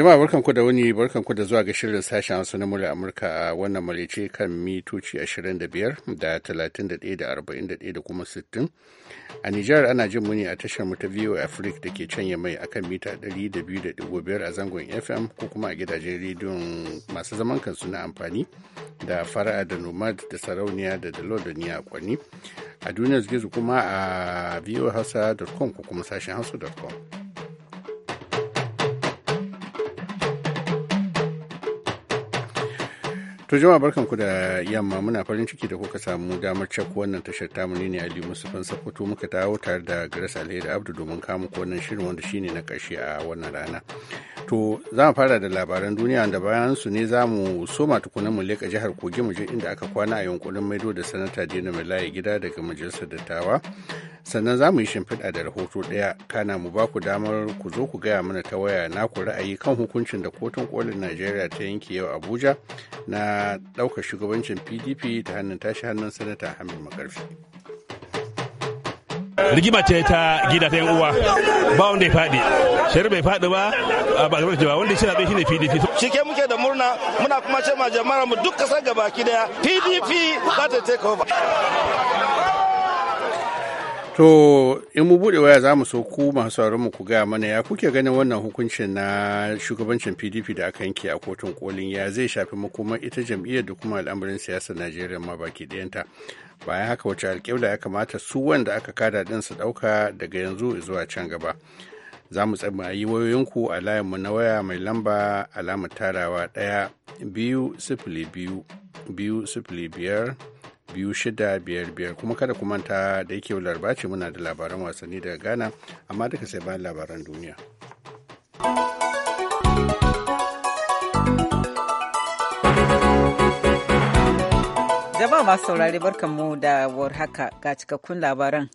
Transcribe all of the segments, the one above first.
Jama'a barkanku da wani barkanku da zuwa ga shirin sashen Hausa na mula Amurka a wannan malice kan mitoci 25 da 31 da 41 da kuma 60. A Nijar ana jin muni a tashar mu ta VOA Africa da ke canye mai akan mita 200.5 a zangon FM ko kuma a gidajen rediyon masu zaman kansu na amfani da fara'a da nomad da sarauniya da dalodoniya a kwani. A duniyar gizo kuma a hausa.com ko kuma sashen hausa.com. To jama'a ku da yamma muna farin ciki da kuka samu damar cak wannan tashar tamu ne Ali Musufan Sokoto muka dawo tare da garas Alheri Abdu domin kamu wannan shirin wanda shine na ƙarshe a wannan rana. To za mu fara da labaran duniya da bayan su ne za mu soma tukunan mu leka jihar Kogi mu je inda aka kwana a yunkurin maido da sanata Dina layi gida daga majalisar dattawa sannan za mu yi shimfiɗa da rahoto ɗaya kana mu ba ku damar ku zo ku gaya mana ta waya na ku ra'ayi kan hukuncin da kotun kolin najeriya ta yanke yau abuja na ɗaukar shugabancin pdp ta hannun tashi hannun sanata hamid makarfi rigima ce ta gida ta uwa ba wanda ya faɗi shari bai faɗi ba a ba zama jawa wanda ya shirabe shi ne pdp ke muke da murna muna kuma ce ma jama'a mu duk kasa gabaki daya pdp ba ta take over To in mu buɗe waya za mu so ku masu mu ku gaya mana ya kuke ganin wannan hukuncin na shugabancin PDP da aka yanke a kotun kolin ya zai shafi makoma ita jam'iyyar da kuma al'amarin siyasar Najeriya ma baki ɗayanta. Bayan haka wace alƙibla ya kamata su wanda aka kada ɗin su ɗauka daga yanzu zuwa can gaba. Za mu a yi wayoyinku a layinmu na waya mai lamba alamar tarawa ɗaya biyu sifili biyu biyu sifili biyar biyu shida biyar-biyar kuma kada ku manta da yake wular ce muna da labaran wasanni daga Ghana amma duka sai bayan labaran duniya. Jama'a masu saurari mu da haka ga cikakkun labaran.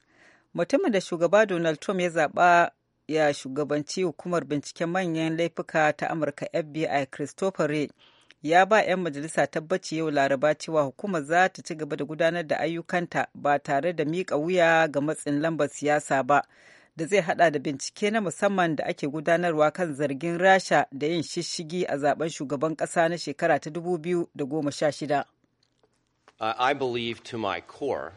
Mutumin da shugaba Donald Trump ya zaba ya shugabanci hukumar binciken manyan laifuka ta Amurka FBI Christopher Wray ya ba 'yan majalisa tabbaci yau laraba cewa hukumar za ta ci gaba da gudanar da ayyukanta ba tare da miƙa wuya ga matsin lambar siyasa ba da zai hada da bincike na musamman da ake gudanarwa kan zargin rasha da yin shishigi a zaben shugaban ƙasa na shekara ta 2016 i believe to my core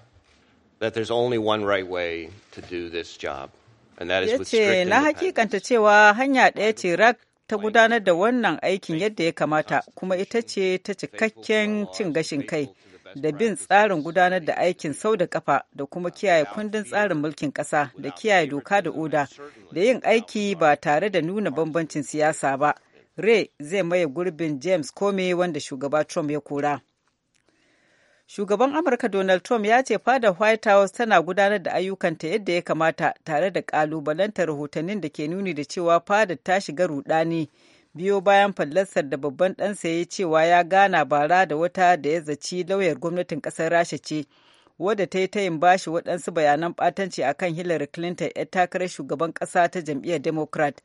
that there's only one right way to do this job ya ce na hakikanta cewa hanya ɗaya ce rak ta gudanar da wannan aikin yadda ya kamata kuma ita ce ta cikakken cin gashin kai da bin tsarin gudanar da aikin sau da kafa da kuma kiyaye kundin tsarin mulkin ƙasa da kiyaye doka da oda da yin aiki ba tare da nuna bambancin siyasa ba ray zai maye gurbin james comey wanda shugaba trump ya kora Shugaban Amurka Donald Trump ya ce fadar White House tana gudanar da ayyukanta yadda ya kamata tare da kalubalanta rahotannin da ke nuni da cewa fadar ta shiga rudani biyo bayan fallasar da babban ɗansa ya cewa ya gana bara da wata da ya zaci lauyar gwamnatin ƙasar Rasha ce. wadda ta yi tayin bashi waɗansu bayanan ɓatanci a kan Hillary Clinton 'yar takarar shugaban ƙasa ta jam'iyyar Democrat.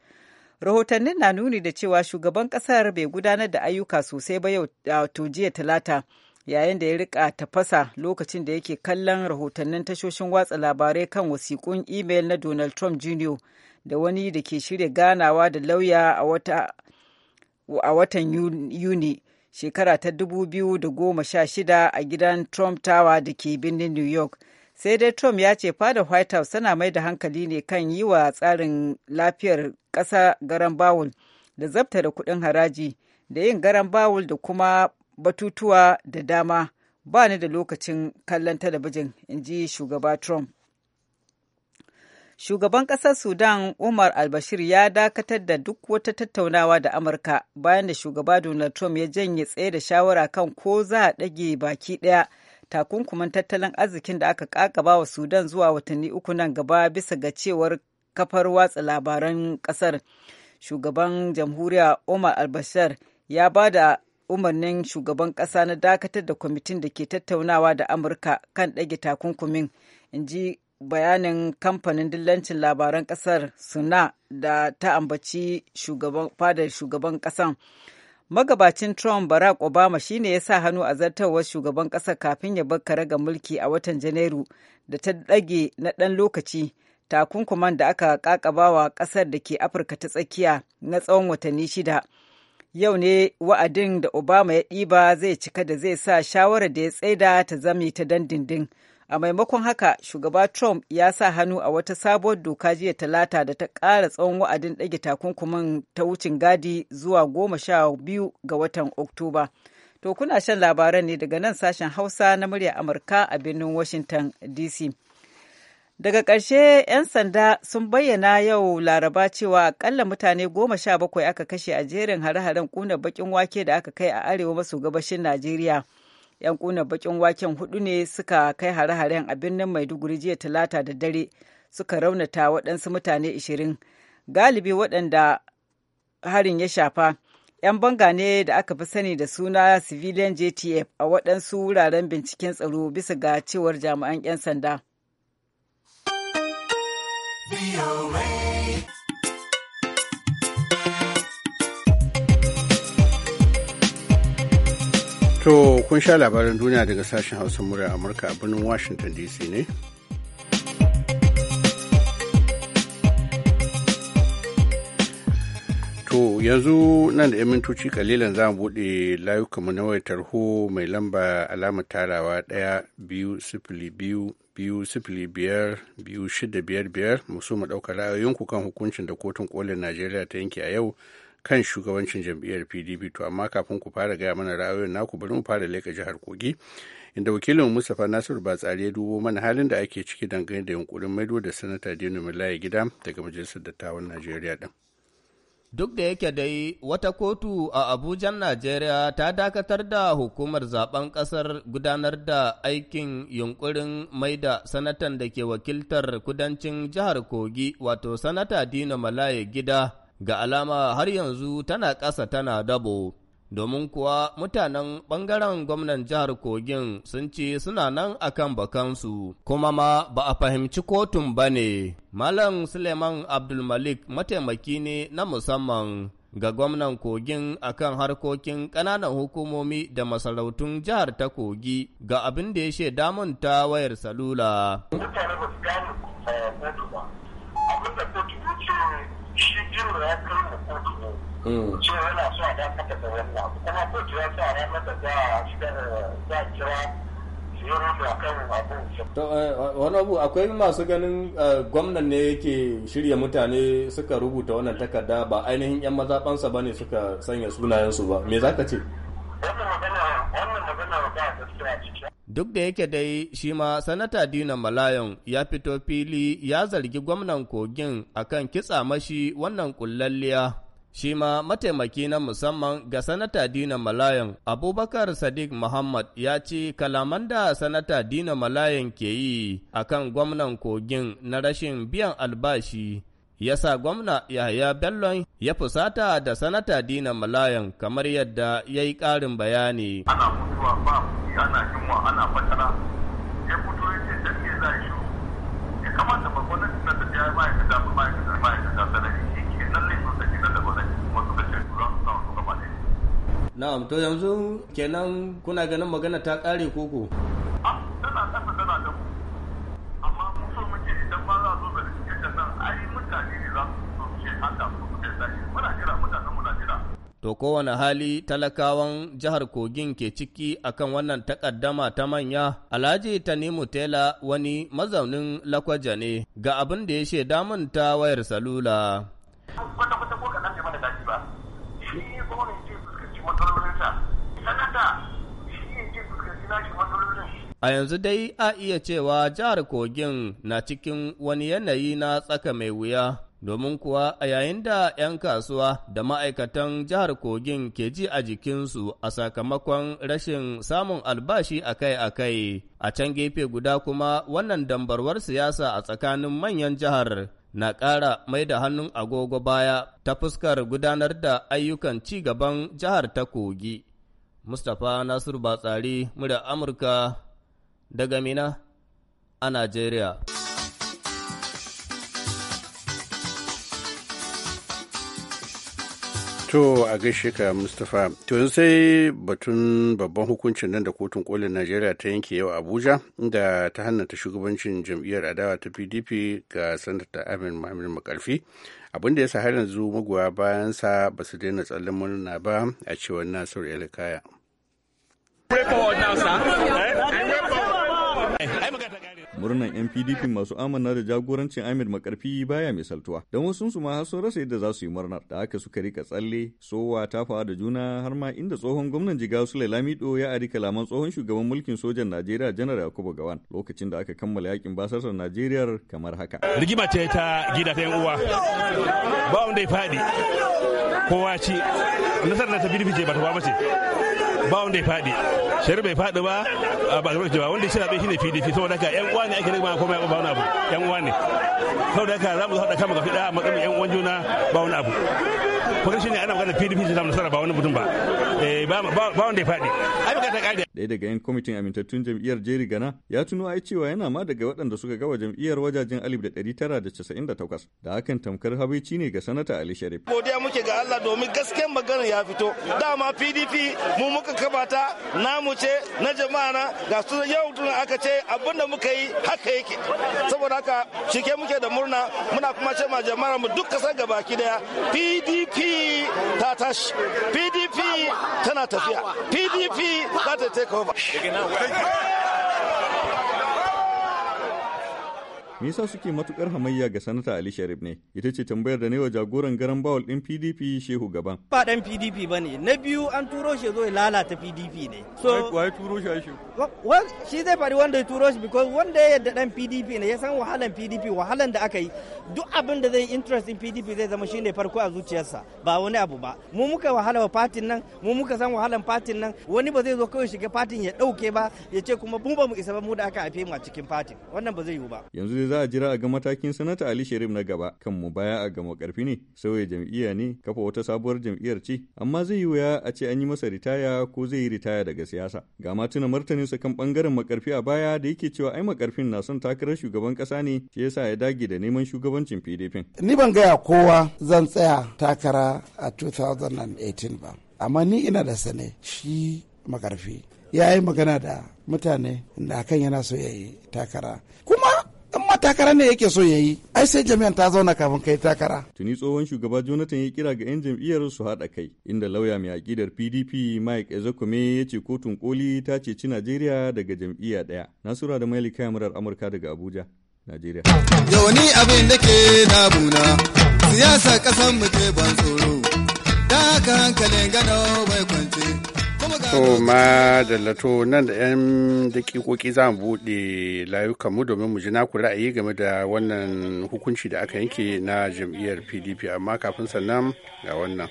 Rahotannin na nuni da cewa shugaban ƙasar bai gudanar da ayyuka sosai ba yau to jiya talata yayin da ya rika tafasa lokacin da yake kallon rahotannin tashoshin watsa labarai kan wasiƙun imel na donald trump jr da wani da ke shirya ganawa da lauya a watan yuni shekara ta 2016 a gidan trump tower da ke birnin new york sai dai trump ya ce fada white house tana mai da hankali ne kan yi wa tsarin lafiyar ƙasa garan bawul da zabta da kuɗin haraji da yin garan bawul da kuma batutuwa da dama ba ni da lokacin kallon talabijin in ji shugaba trump shugaban ƙasar sudan umar albashir ya dakatar da duk wata tattaunawa da amurka bayan da shugaba donald trump ya janye tsaye da shawara kan ko za a ɗage baki ɗaya takunkuman tattalin arzikin da aka kakaba wa sudan zuwa watanni uku nan gaba bisa ga cewar kafar watsa labaran ƙasar shugaban jamhuriya umar albashir ya ba da umarnin shugaban ƙasa na dakatar da kwamitin da ke tattaunawa da amurka kan ɗage takunkumin in ji bayanin kamfanin dillancin labaran ƙasar suna da ta ambaci fadar shugaban ƙasan magabacin trump barack obama shine ya sa hannu a zartarwar shugaban ƙasar kafin ya bar raga mulki a watan janairu da ta ɗage na ɗan lokaci takunkuman da aka ƙaƙabawa ƙasar da ke afirka ta tsakiya na tsawon watanni shida yau ne wa'adin da obama ya ɗiba zai cika da zai sa shawarar da ya tsaida ta zami ta dandindin a maimakon haka shugaba trump ya sa hannu a wata sabuwar doka jiya talata da ta ƙara tsawon wa'adin ɗage takunkumin ta wucin gadi zuwa goma sha biyu ga watan oktoba to kuna shan labaran ne daga nan sashen hausa na murya amurka a birnin washington dc Daga ƙarshe 'yan sanda sun bayyana yau laraba cewa akalla mutane goma sha bakwai aka kashe a jerin hare-haren ƙunar baƙin wake da aka kai a arewa maso gabashin Najeriya. 'Yan ƙunar bakin waken hudu ne suka kai hare-haren a birnin Maiduguri jiya talata da dare suka raunata waɗansu mutane ishirin. Galibi waɗanda harin ya shafa. 'yan banga ne da aka fi sani da suna civilian jtf a waɗansu wuraren binciken tsaro bisa ga cewar jami'an 'yan sanda To kun sha labarin duniya daga sashen Hausa murar Amurka a birnin Washington DC ne? To yanzu nan da 'yan mintoci kalilan za mu buɗe layukanmu na wayar tarho mai lamba alama tarawa ɗaya biyu sifili biyu biyu sifili biyar biyu shida biyar biyar musu mu dauka ra'ayoyinku kan hukuncin da kotun kolin Najeriya ta yanke a yau kan shugabancin jam'iyyar PDP to amma kafin ku fara gaya mana ra'ayoyin naku bari mu fara leƙa jihar Kogi inda wakilin Mustapha Nasiru Batsari ya dubo mana halin da ake ciki dangane da yunkurin maido da sanata Dino Mulaye gida daga majalisar dattawan Najeriya din. Duk da yake dai wata kotu a Abujan Najeriya ta dakatar da hukumar zaben kasar gudanar da aikin yunkurin da sanatan da ke wakiltar kudancin jihar Kogi wato sanata Dina Malaye gida ga alama har yanzu tana ƙasa tana dabo. domin kuwa mutanen ɓangaren gwamnan jihar Kogin sun ce suna nan akan bakansu, kuma ma ba a fahimci kotun ba ne. Malam Suleiman Abdulmalik mataimaki ne na musamman ga gwamnan Kogin akan harkokin ƙananan hukumomi da masarautun jihar ta Kogi ga abin da ya she damun ta wayar salula. Mutane eh, ba abin da kotu ya ce shi jiro ya kai kotu ne. Mm. cewa wani abu akwai masu ganin eh, gwamnan ne yake shirya mutane suka rubuta wannan takarda ba ainihin 'yan mazaɓansa ba ne suka sanya sunayensu ba me za ka ce Duk da yake dai shi ma Sanata Dina Malayon ya fito fili ya zargi gwamnan kogin akan kitsa mashi wannan kullalliya shi ma mataimaki na musamman ga sanata Dina Malayan Abubakar Sadiq Muhammad ya ce kalaman da sanata Dina Malayan ke yi a kan gwamnan kogin na rashin biyan albashi ya sa gwamna Yahaya Bello ya fusata da sanata Dina Malayan kamar yadda ya yi ƙarin bayani. Ana mutuwa ba to yanzu kenan kuna ganin magana ta kare koko. To kowane hali talakawan jihar Kogin ke ciki akan wannan takaddama ta manya, Alhaji Tanimu Tela wani mazaunin Lakwaja ne ga abin da ya shaida manta ta wayar salula. A yanzu dai a iya cewa jihar Kogin na cikin wani yanayi na tsaka mai wuya, domin kuwa a yayin da ‘yan kasuwa da ma'aikatan jihar Kogin ke ji a jikinsu a sakamakon rashin samun albashi akai-akai, a can gefe guda kuma wannan dambarwar siyasa a tsakanin manyan jihar. na ƙara mai da hannun agogo baya ta fuskar gudanar da ayyukan ci gaban jihar ta kogi. Mustapha Nasiru Batsari, murya Amurka daga Mina a Najeriya. To a gaishe ka Mustapha, to sai batun babban hukuncin nan da kotun kolin Najeriya ta yanke yau Abuja inda ta hannata shugabancin jam'iyyar adawa ta PDP ga sanata Amin Mamin Makarfi abinda ya sa har yanzu magoya bayansa ba su daina tsallin murna ba a cewar Nasiru Elikaya. Murnan 'yan PDP masu amana da jagorancin Ahmed Makarfi baya mai saltuwa, Don wasu su ma har sun rasa yadda za su yi murnar da aka suka rika tsalle, sowa tafawa da juna har ma inda tsohon gwamnan Jigawa Sule Lamido ya ari kalaman tsohon shugaban mulkin sojan Najeriya Janar Yakubu Gawan lokacin da aka kammala yakin basasar Najeriya kamar haka. Rigima ce ta gida ta uwa. Ba wanda ya faɗi. Kowa ci. Nasarar ta PDP ce ba ta ba ce. Ba wanda ya faɗi. Shari'a bai faɗi ba, ba ba wanda shi zaɓe shi ne PDP saboda haka yan uwa ne ake rigma komai ba wani abu yan uwa ne saboda haka za mu haɗa kama gafi ɗaya a matsayin yan uwan juna ba wani abu kuma shi ne ana magana PDP ta samu nasara ba wani mutum ba eh, ba wanda ya faɗi ai magana ta ƙari ɗaya daga 'yan kwamitin amintattun jam'iyyar jeri Gana ya tuno ai cewa yana ma daga waɗanda suka gawa jam'iyyar wajajen alif da ɗari tara da da da casa'in takwas hakan tamkar habaici ne ga sanata Ali Sharif. Godiya muke ga Allah domin gaskiyan maganar ya fito. Dama PDP mu muka kabata namu ce na jama'a na ga su yau tun aka ce abin da muka yi haka yake. Saboda haka shike muke da murna muna kuma ce ma jama'a mu duk kasar gabaki daya PDP ta tashi PDP tana tafiya PDP za ta takeover. Me yasa suke matukar hamayya ga sanata Ali Sharif ne? Ita ce tambayar da wa jagoran garan bawal din PDP Shehu Gaban. Ba dan PDP bane. Na biyu an turo shi zo ya lalata PDP ne. So wai turo shi shi. shi zai fari wanda ya turo shi because wanda ya yadda dan PDP ne ya san wahalan PDP wahalan da aka yi duk abin da zai interest in PDP zai zama shine farko a zuciyarsa ba wani abu ba. Mu muka wahala wa fatin nan, mu muka san wahalan fatin nan, wani ba zai zo kawai shiga fatin ya dauke ba ya ce kuma mu ba mu isa ba mu da aka haife mu a cikin fatin. Wannan ba zai yiwu ba. Yanzu za a jira a ga matakin sanata Ali Sharif na gaba kan mu baya a gama karfi ne sauya jam'iyya ne kafa wata sabuwar jam'iyyar ce amma zai yi wuya a ce an yi masa ritaya ko zai yi ritaya daga siyasa ga ma tuna martanin sa kan bangaren makarfi a baya da yake cewa ai makarfin na son takarar shugaban kasa ne shi yasa ya dage da neman shugabancin PDP ni ban gaya kowa zan tsaya takara a 2018 ba amma ni ina da sane shi makarfi ya yi magana da mutane da kan yana so ya yi takara kuma takara ne yake so ya yi ai sai jami'an ta zauna kafin kai takara tuni tsohon shugaba jonathan ya kira ga 'yan jam'iyyar su haɗa kai inda lauya mai aƙidar pdp mike ezekome ya ce kotun koli ta ce ci najeriya daga jam'iyya ɗaya nasura da mailika murar amurka daga abuja najeriya yau ni abin da ke nabuna siyasa ƙasar mu ke ban tsoro da haka hankalin gano bai kwance To ma dallato nan da 'yan dakikoki za mu buɗe layukanmu domin mu ji naku ra'ayi game da wannan hukunci da aka yanke na jam'iyyar PDP amma kafin sannan ga wannan.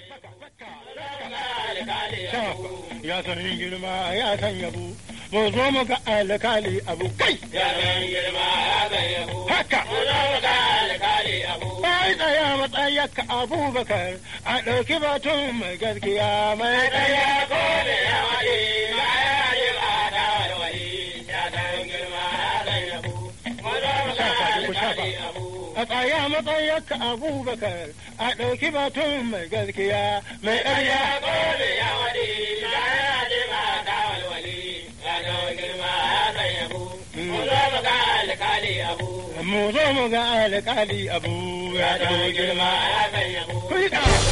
Ya san girma ya san yabo, mu zo mu ga alkali abu kai. Ya san girma ya san yabo, haka. Mu zo mu ga alkali abu. Bai tsaya matsayaka abubakar, a ɗauki batun mai gaskiya mai tsaya kone. a tsaya matsayarka abubakar a ɗauki batun mai gaskiya mai ɗarya ƙoli ya waɗi na ma ta walwali ya girma ya yabu mu zo mu ga alƙali abu mu zo mu ga alƙali abu ya don girma ya san yabu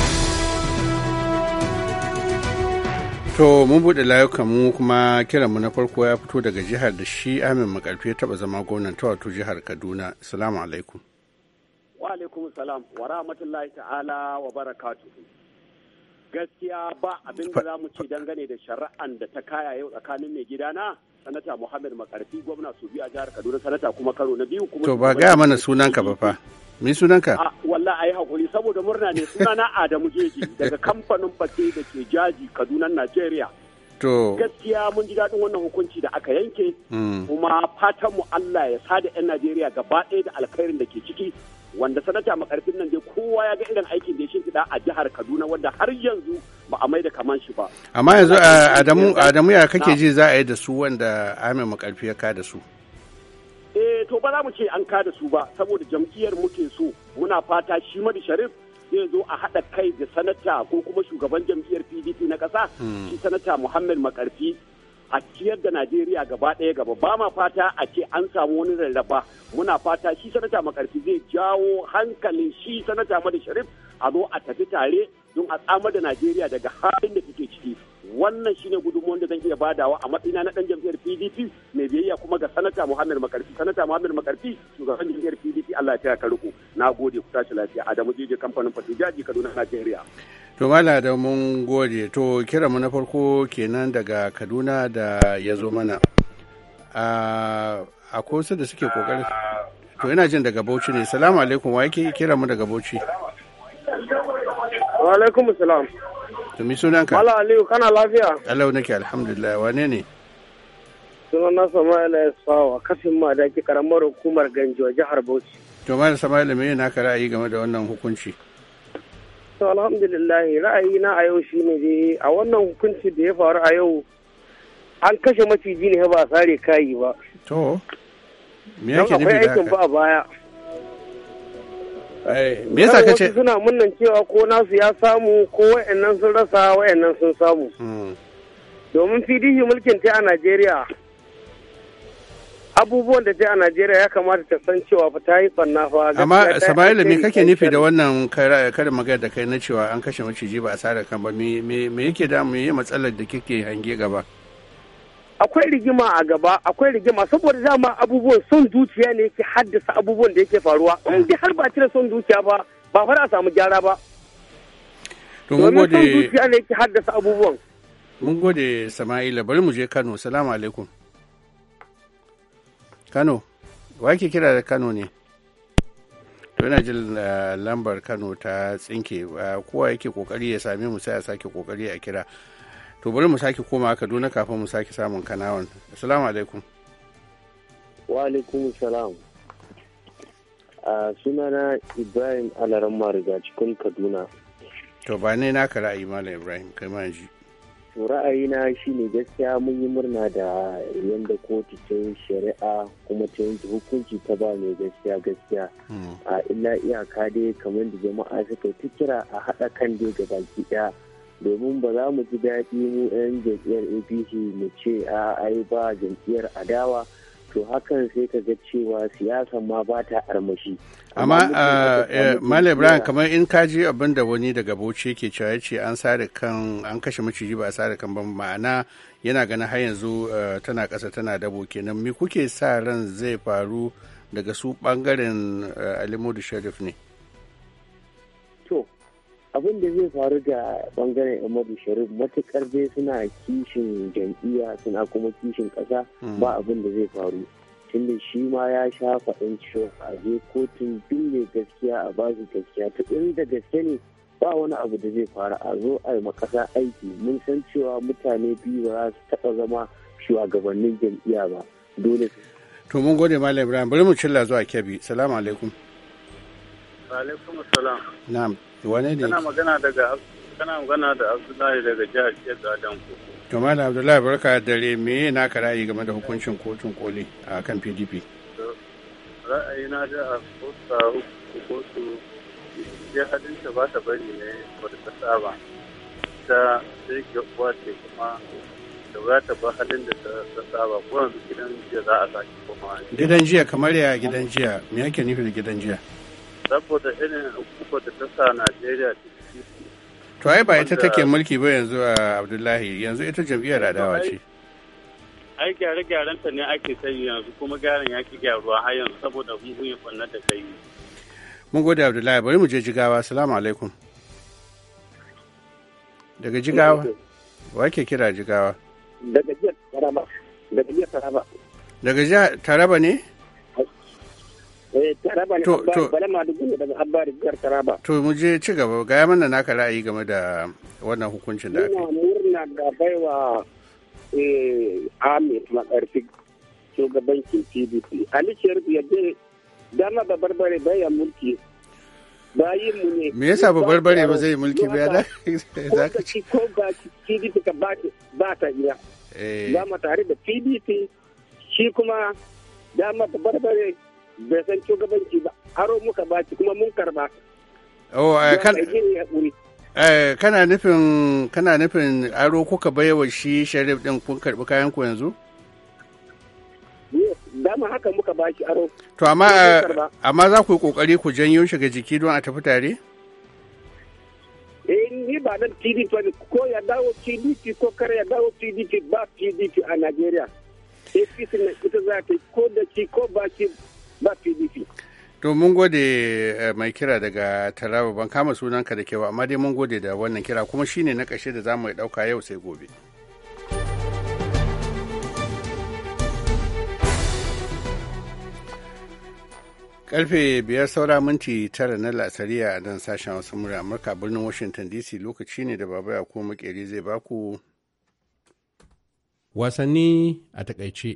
To mun buɗe layukan mu kuma kiranmu na farko ya fito daga jihar da shi Amin Makarfi ya taɓa zama gwamnan ta wato jihar Kaduna. Salamu alaikum. Wa alaikum salam wa rahmatullahi ta'ala wa barakatuhu. Gaskiya ba abin da za mu dangane da shari'an da ta kaya yau tsakanin mai gidana sanata Muhammad Makarfi gwamna su biyu jihar Kaduna sanata kuma karo na biyu kuma. To ba gaya mana sunanka ba fa. Me sunanka? Ah, Wallah a yi haƙuri saboda murna ne sunana Adamu Jeji daga kamfanin fate da ke jaji Kaduna Najeriya. To. Gaskiya mun ji daɗin wannan hukunci da aka yanke. Hmm. Kuma fatan mu Allah ya sada 'yan Najeriya gaba ɗaya da alkhairin da ke ciki. Wanda sanata makarfin nan dai kowa ya ga irin aikin da ya shimfiɗa a jihar Kaduna wanda har yanzu ba a mai da kaman shi ba. Amma yanzu Adamu ya kake ji za a yi da su wanda Ahmed Makarfi ya ka da su. to ba za mu ce an kada su ba saboda jam'iyyar muke so muna fata shi madi sharif zai zo a haɗa kai da sanata ko kuma shugaban jam'iyyar pdp na ƙasa hmm. shi sanata muhammad makarfi a ciyar da najeriya gaba ɗaya gaba ba ma fata a ce an samu wani rarraba muna fata shi sanata makarfi zai jawo hankalin shi sanata madi sharif a zo a tafi tare don a tsamar da najeriya daga halin da take ciki wannan shine gudunmuwan da zan iya badawa a matsayina na dan jam'iyyar PDP mai biyayya kuma ga sanata Muhammad Makarfi sanata Muhammad Makarfi shugaban jam'iyyar PDP Allah ya ka riko na gode ku tashi lafiya Adamu Jeje kamfanin Fatijaji Kaduna Najeriya to mala da mun gode to kira mu na farko kenan daga Kaduna da ya zo mana a kosa da suke kokari to ina jin daga Bauchi ne salamu alaikum wa yake kira mu daga Bauchi wa alaikum salam To mi sunanka? Mala Aliyu kana lafiya? Alau nake alhamdulillah wane ne? Sunana Sama'ila sawa kafin ma da ke karamar hukumar Ganjo jihar Bauchi. To Mala Sama'ila me yana ka ra'ayi game da wannan hukunci? To alhamdulillah ra'ayi na a yau shine dai a wannan hukunci da ya faru a yau an kashe maciji ne ba a sare kayi ba. To me yake nufi da haka? ba baya. Eh, me yasa kace suna munnan cewa ko nasu ya samu ko wayannan sun rasa wayannan sun samu hmm. domin PDP mulkin ta a Najeriya abubuwan da ta a Najeriya ya kamata ta san cewa fa ta yi fanna fa amma Samaila me kake nufi da wannan karin magana da kai na cewa an kashe maciji ba a sare kan ba me yake da mu yi matsalar da kike hange gaba akwai rigima a gaba akwai rigima saboda dama abubuwan son zuciya ne yake haddasa abubuwan da yake faruwa in dai har ba cire son zuciya ba ba fa samu gyara ba domin son zuciya ne yake haddasa abubuwan mun gode sama'ila bari mu je kano salamu alaikum kano wa ke kira da kano ne to yana jin eh, lambar kano ta tsinke eh, kowa yake kokari ya same mu sai a sake kokari a kira to bari mu sake koma kaduna kafin mu sake samun kanawan assalamu alaikum wa alaikum salam a sunana ibrahim alaran mariga cikin kaduna to ba ne naka ra'ayi malam ibrahim kai ma ji to ra'ayina shine gaskiya mun yi murna da yadda kotu ta shari'a kuma ta yi hukunci ta ba mai gaskiya gaskiya hmm. a illa iyaka dai kamar da jama'a suka ta kira a haɗa kan dai baki ɗaya domin ba za mu ji daɗi mu 'yan jam'iyyar apc mu ce a ai ba jam'iyyar adawa to hakan sai ka ga cewa siyasa ma ba ta armashi amma uh, eh, malam ibrahim kamar in ka ji abin da wani daga bauchi ke cewa ce an sare kan an kashe maciji ba a sare kan ba ma'ana yana ganin har yanzu uh, tana kasa tana dabo kenan me kuke sa ran zai faru daga su bangaren uh, alimudu sharif ne abin da zai faru da bangaren umaru sharif matukar dai suna kishin jam'iyya suna kuma kishin kasa hmm. ba abin da zai faru tunda shi ma ya sha faɗin cewa a je kotun binne gaskiya a bashi gaskiya ta inda gaske ne ba wani abu da zai faru a zo a yi makasa aiki mun san cewa mutane biyu ba za su taɓa zama shugabannin jam'iyya ba dole su to mun gode malam ibrahim bari mu cilla zuwa kebbi salamu alaikum alaikum salam na'am wane ne kana magana daga kana magana da Abdullahi daga jihar Kebbi Adam to malam Abdullahi barka dare me na ka ra'ayi game da hukuncin kotun koli a kan PDP ra'ayi na da a kotu kotu ya hadinta ba ta bari ne wata ta saba ta sai ga uwa ce kuma da za ta ba halin da ta saba ko yanzu gidan jiya za a sake kuma gidan jiya kamar ya gidan jiya me yake nufin gidan jiya saboda irin hukumar da ta sa Najeriya To ai ba ita take mulki ba yanzu a uh, Abdullahi yanzu ita jam'iyyar adawa ce. Ai gyare-gyaren ta ne ake sanyi yanzu kuma gyaran ya ki gyaruwa har yanzu saboda yi ya da kai. Mun gode Abdullahi bari mu je jigawa assalamu alaikum. Daga jigawa wa ke kira jigawa? Daga jiya Taraba. Daga jiya Taraba. Daga Taraba ne? Eh, Taraba To mu je ci gaba gaya mana naka ra'ayi game da wannan hukuncin da aka yi. murna ga baiwa eh, Ahmed Makarfi shugabancin PDP. Ali Sharif yadda dama ba barbare ya mulki bayin mu ne. Me yasa ba barbare ba zai mulki ba da? Za ci ko ba PDP ka ba ta gida. Za mu tare da PDP shi kuma dama ba barbare bai san shugabanci ba aro muka baci kuma mun karba oh, eh, eh, kana nufin kana nufin aro kuka baiwa shi sharif din kun karbi kayan ku yanzu dama haka muka bashi aro to amma eh, amma za ku yi kokari ku janyo shiga jiki don a tafi tare eh ni ba nan PDP ne ko ya dawo PDP ko kare ya dawo PDP ba PDP a Najeriya APC na ita za ta ko da ci ko ba ci na pdp to mun gode eh, mai kira daga taraba ban kama sunanka da kewa amma dai mun gode da wannan kira kuma shine na ƙarshe da za mu ɗauka yau sai gobe. karfe biyar saura minti tara na lasariya a dan sashen wasu murya amurka birnin washington dc lokaci ne da baba ya kuma makeri zai baku wasanni a takaice.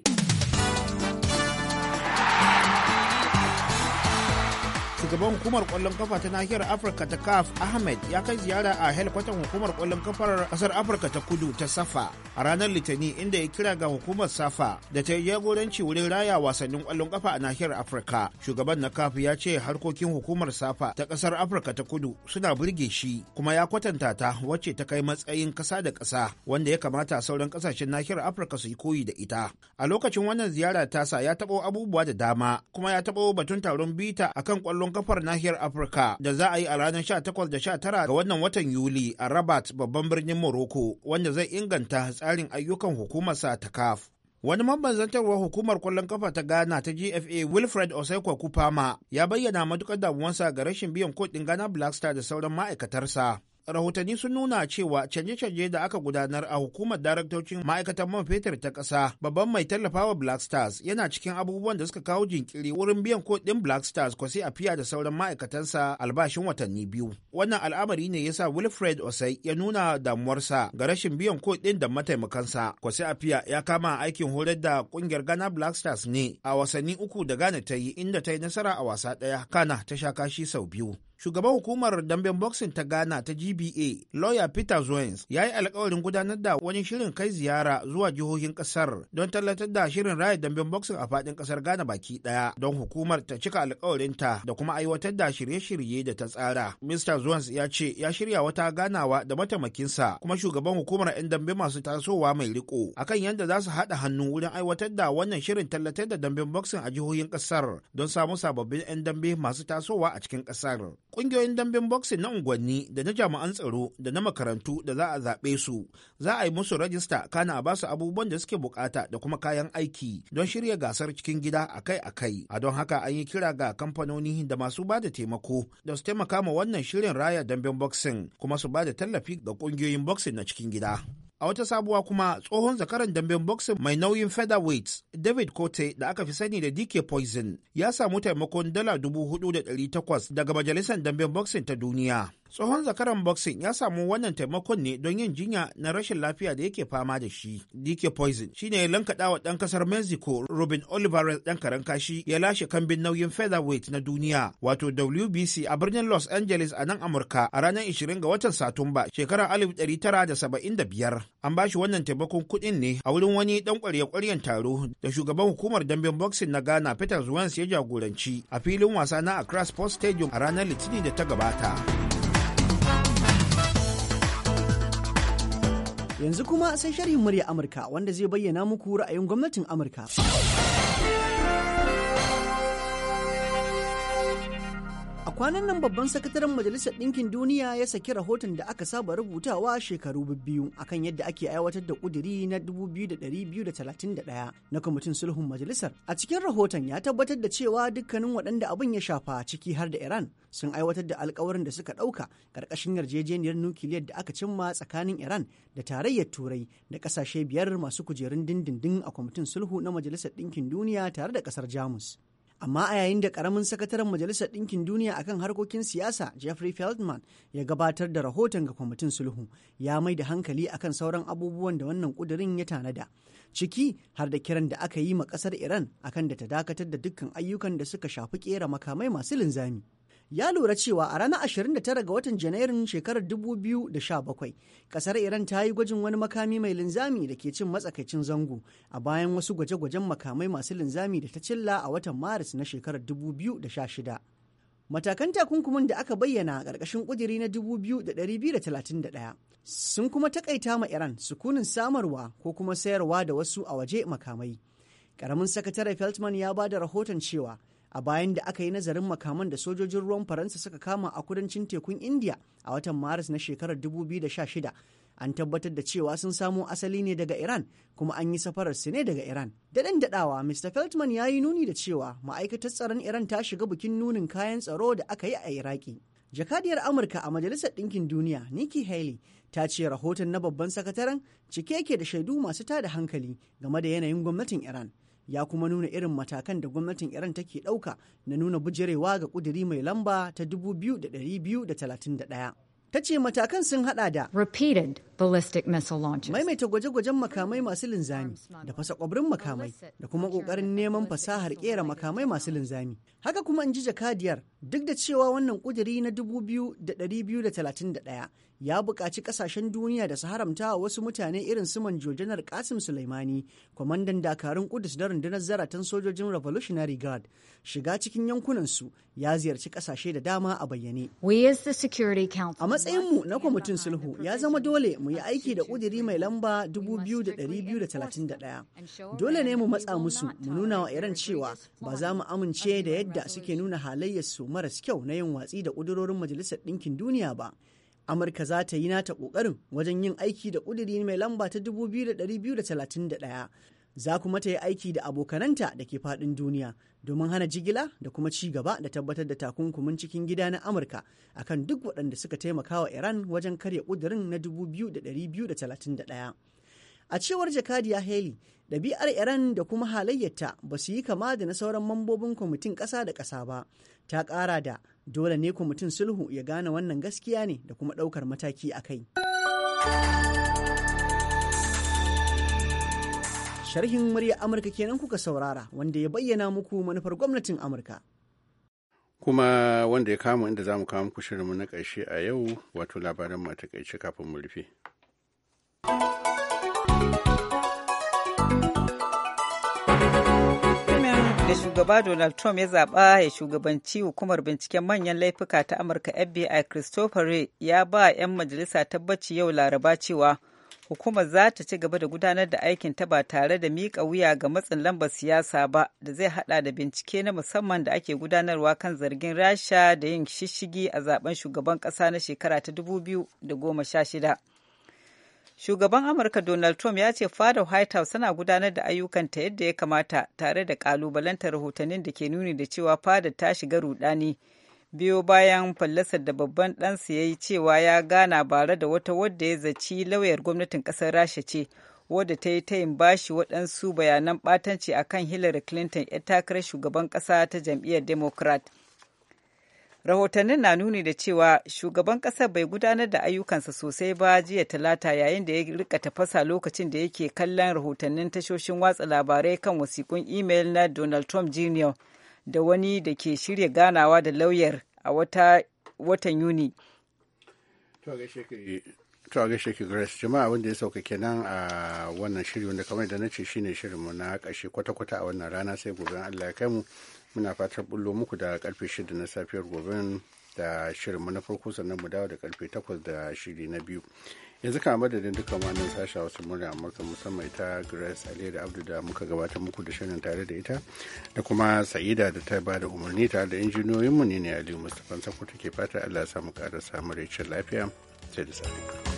shugaban hukumar kwallon kafa ta nahiyar afirka ta caf ahmed ya kai ziyara a helikwatan hukumar kwallon kafar kasar afirka ta kudu ta safa a ranar litinin inda ya kira ga hukumar safa da ta yi jagoranci wurin raya wasannin kwallon kafa a nahiyar afirka shugaban na caf ya ce harkokin hukumar safa ta kasar afirka ta kudu suna burge shi kuma ya kwatanta ta wacce ta kai matsayin kasa da kasa wanda ya kamata sauran kasashen nahiyar afirka su yi koyi da ita a lokacin wannan ziyara tasa ya taɓo abubuwa da dama kuma ya taɓo batun taron bita akan kwallon kafar nahiyar Afirka da za a yi a ranar 18 da 19 ga wannan watan Yuli a Rabat babban birnin Morocco wanda zai inganta tsarin ayyukan sa ta CAF. Wani mamban zantarwar hukumar kwallon kafa ta Ghana ta GFA Wilfred Osaikwa Kupama ya bayyana matukar damuwansa ga rashin biyan kuɗin Ghana Black Star da sauran ma'aikatarsa. rahotanni sun nuna cewa canje-canje da aka gudanar a hukumar daraktocin ma'aikatan man fetur ta ƙasa babban mai tallafawa black stars yana cikin abubuwan da suka kawo jinkiri wurin biyan kuɗin black stars kwasi a fiya da sauran ma'aikatansa albashin watanni biyu wannan al'amari ne yasa wilfred osai ya nuna damuwarsa ga rashin biyan kuɗin da mataimakansa kwasi a fiya ya kama aikin horar da ƙungiyar ghana black stars ne a wasanni uku da ghana ta yi inda ta yi nasara a wasa ɗaya kana ta sha kashi sau biyu shugaban hukumar damben boxing ta ghana ta gba lawyer peter zoens ya yi alkawarin gudanar da wani shirin kai ziyara zuwa jihohin kasar don tallatar da shirin raya damben boxing a fadin kasar ghana baki daya don hukumar ta cika alkawarinta da kuma aiwatar da shirye-shirye da ta tsara mr zoens ya ce ya shirya wata ganawa da mataimakinsa kuma shugaban hukumar 'yan dambe masu tasowa mai riko akan yadda za su haɗa hannu wurin aiwatar da wannan shirin tallatar da damben boxing a jihohin kasar don samu sababbin 'yan dambe masu tasowa a cikin kasar Ƙungiyoyin damben boxing na unguwanni da na jami'an tsaro da na makarantu da za a zaɓe su za a yi musu rajista kana a basu abubuwan da suke bukata da kuma kayan aiki don shirya gasar cikin gida akai-akai. A don haka an yi kira ga kamfanoni da masu ba da taimako da su taimaka ma wannan shirin raya damben boxing kuma su ba da tallafi ga ƙungiyoyin boxing na cikin gida. a wata sabuwa kuma tsohon zakaran damben boxing mai nauyin featherweight david cote da aka fi sani da dk poison ya samu taimakon dala dubu hudu da takwas daga majalisar damben boxing ta duniya tsohon zakaran boxing ya samu wannan taimakon ne don yin jinya na rashin lafiya da yake fama da shi dk poison shine ya lankaɗa wa ɗan kasar mexico robin olivares ɗan karan kashi ya lashe kambin nauyin featherweight na duniya wato wbc a birnin los angeles a nan amurka a ranar 20 ga watan satumba shekarar 1975 an ba shi wannan taimakon kuɗin ne a wurin wani ɗan ƙwarya-ƙwaryen taro da shugaban hukumar damben boxing na ghana peter zuwans ya jagoranci a filin wasa na accra sports stadium a ranar litinin da ta gabata yanzu kuma sai sharhin murya amurka wanda zai bayyana muku ra'ayin gwamnatin amurka A kwanan nan babban sakataren Majalisar Ɗinkin Duniya ya saki rahoton da aka saba rubutawa shekaru biyu akan yadda ake aiwatar da ƙudiri na 2231 na kwamitin sulhun majalisar. A cikin rahoton ya tabbatar da cewa dukkanin waɗanda abin ya shafa ciki har da Iran sun aiwatar da alkawarin da suka ɗauka ƙarƙashin yarjejeniyar nukiliyar da aka cimma tsakanin Iran da tarayyar Turai da ƙasashe biyar masu kujerun dindindin a kwamitin sulhu na Majalisar Ɗinkin Duniya tare da ƙasar Jamus. amma a yayin da karamin sakataren majalisar ɗinkin duniya akan harkokin siyasa jeffrey feldman ya gabatar da rahoton ga kwamitin sulhu ya mai da hankali akan sauran abubuwan da wannan kudirin ya tanada ciki har da kiran da aka yi ma ƙasar iran akan da ta dakatar da dukkan ayyukan da suka shafi ƙera makamai masu linzami ya lura cewa a ranar 29 ga watan janairun shekarar 2017 kasar iran ta yi gwajin wani makami mai linzami da ke cin matsakaicin zango a bayan wasu gwaje-gwajen makamai masu linzami da ta cilla a watan maris na shekarar 2016 matakan takunkumin da aka bayyana a ƙarƙashin ƙudiri na 2,231 sun kuma takaita ma iran sukunin samarwa ko kuma sayarwa da wasu a waje makamai ƙaramin sakatare feltman ya ba da rahoton cewa a bayan da aka yi nazarin makaman da sojojin ruwan faransa suka kama a kudancin tekun Indiya a watan maris na shekarar 2016 an tabbatar da cewa sun samo asali ne daga iran kuma an yi safarar su ne daga iran daɗin daɗawa mr feltman ya yi nuni da cewa ma'aikatar tsaron iran ta shiga bikin nunin kayan tsaro da aka yi a iraki jakadiyar amurka a majalisar ɗinkin duniya nikki haley ta ce rahoton na babban sakataren cike yake da shaidu masu tada hankali game da yanayin gwamnatin iran ya kuma nuna irin matakan da gwamnatin iran take ɗauka na nuna bujirewa ga ƙudiri mai lamba ta 2231 ta ce matakan sun hada da repeated ballistic missile maimaita gwaje-gwajen makamai masu linzami da fasa kwabrin makamai da kuma kokarin neman fasahar kera makamai masu linzami haka kuma in ji jakadiyar duk da cewa wannan kuduri na 2231 ya buƙaci ƙasashen duniya da su haramta wa wasu mutane irin su manjo kasim sulaimani kwamandan dakarun kudus da rundunar zaratan sojojin revolutionary guard shiga cikin yankunansu ya ziyarci ƙasashe da dama a bayyane a matsayinmu na kwamitin sulhu ya zama dole mu yi aiki da ƙudiri mai lamba da 2231 dole ne mu matsa musu mu nuna wa iran cewa ba za mu amince da yadda suke nuna halayyarsu maras kyau na yin watsi da ƙudurorin majalisar ɗinkin duniya ba Amurka za ta yi nata ƙoƙarin wajen yin aiki da ƙudiri mai lamba ta 2231. Za kuma ta yi aiki da abokananta da ke faɗin duniya domin hana jigila da kuma ci gaba da tabbatar da takunkumin cikin gida na Amurka akan duk waɗanda suka taimaka wa Iran wajen karya ƙudirin na 2231. A cewar Jakadiya Haley, ɗabi'ar Iran da kuma halayyarta ba su yi kama da na sauran mambobin kwamitin ƙasa da ƙasa ba, ta ƙara da Dole ne mutum sulhu ya gane wannan gaskiya ne da kuma ɗaukar mataki a kai. Sharhin murya Amurka kenan kuka saurara wanda ya bayyana muku manufar gwamnatin Amurka. Kuma wanda ya kama inda za mu kawo muku shirinmu na ƙarshe a yau wato labaran mu takaice kafin mu rufe. da shugaba donald trump ya zaba ya shugabanci hukumar binciken manyan laifuka ta amurka fbi christopher Ray ya ba 'yan majalisa tabbaci yau laraba cewa hukumar za ta ci gaba da gudanar da aikin ta ba tare da mika wuya ga matsin lambar siyasa ba da zai hada da bincike na musamman da ake gudanarwa kan zargin rasha da yin shishigi a zaben shugaban ƙasa na shekara ta 2016 Shugaban Amurka Donald Trump ya ce fadar White House tana gudanar da ayyukanta yadda ya kamata tare da kalubalanta rahotannin da ke nuni da cewa fadar ta shiga rudani. Biyo bayan fallasar da babban ɗansa ya yi cewa ya gana bare da wata wadda ya zaci lauyar gwamnatin ƙasar Rasha ce, wadda ta yi tayin bashi waɗansu bayanan ɓatanci akan Hillary Clinton 'yar takarar shugaban ƙasa ta jam'iyyar Democrat. rahotannin na nuni da cewa shugaban ƙasar bai gudanar da ayyukansa sosai ba jiya talata yayin da ya rika tafasa lokacin da yake kallon rahotannin tashoshin watsa labarai kan wasikun imel na donald trump jr da wani da ke shirya ganawa da lauyar a watan yuni to gaishe ki grace jama'a wanda ya sauka kenan a wannan shiri wanda kamar da na ce shine shirinmu na ƙarshe kwata-kwata a wannan rana sai gobe Allah ya kai mu muna fatan bullo muku da karfe shida na safiyar gobe da shirinmu na farko sannan mu dawo da karfe takwas da shiri na biyu yanzu kan madadin dukkan nan sasha wasu murya amurka musamman ita grace ali da abdu da muka gabatar muku da shirin tare da ita da kuma sa'ida da ta bada umarni tare da injiniyoyinmu ne ne aliyu mustapha sako ke fata allah ya samu ƙara samun lafiya sai da safe